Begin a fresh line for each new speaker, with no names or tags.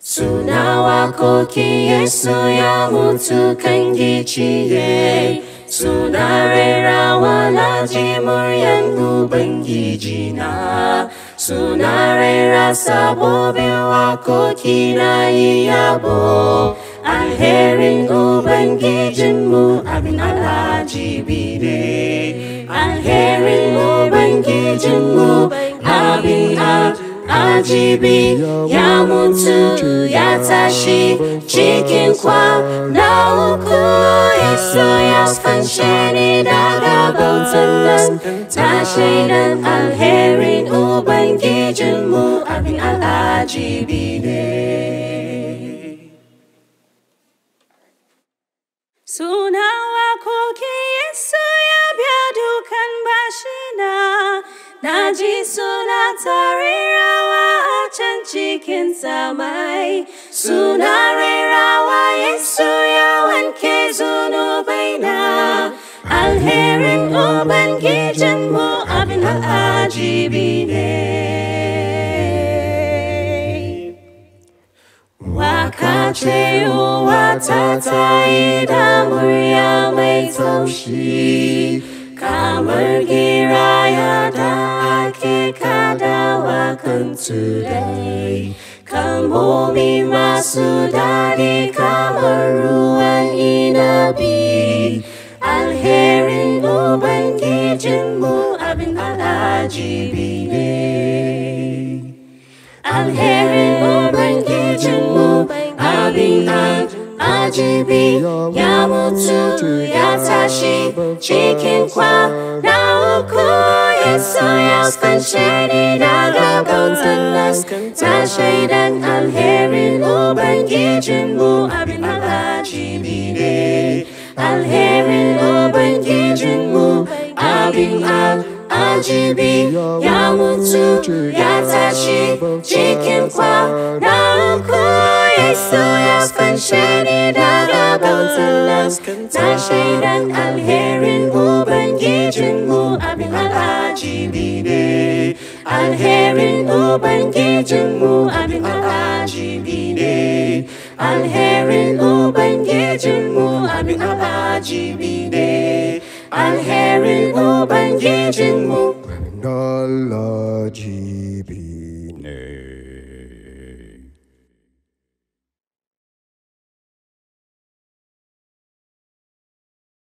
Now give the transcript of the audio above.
Suna wako kiyesu ya mutu kangichiye Suna rera wala jimur yangu bangijina Suna rera sabo wako kina iyabo Alherin ubangijinmu abin alajibide Alherin ubangijinmu abin alajibide majibi ya mtu kwa na ukuu iso yafansheni daga bautan nan ta shaidan alherin ubangijinmu abin al'ajibi ne Suna waƙoƙin Yesu ya biya dukan bashina, na suna kinsamai sunarerawa yesu yawan ke zunubaina alherin ubangijinmu abin al'ajibi ne waka ce uwata giraya done today. Kamomi masudari kamaruan inabi. Alherin uban kijinmu abin alaji bine. Alherin uban kijinmu abin alaji bine. Yamutu yatashi chikin kwa na uku. Yes, I ask and shade it out Sanlas Tasyaidang alherin ubang gijin mo abin habachi bide Alherin ubang gijin mo abin al ajibi Yawutsu yatashi jikin kwa Naoku yesu yaspan sheni dagagon sanlas Tasyaidang alherin ubang gijin mo abin al ajibi alherin Ubangijinmu abin al'ajibi ne. Alherin Ubangijinmu abin al'ajibi ne. Alherin Ubangijinmu abin al'ajibi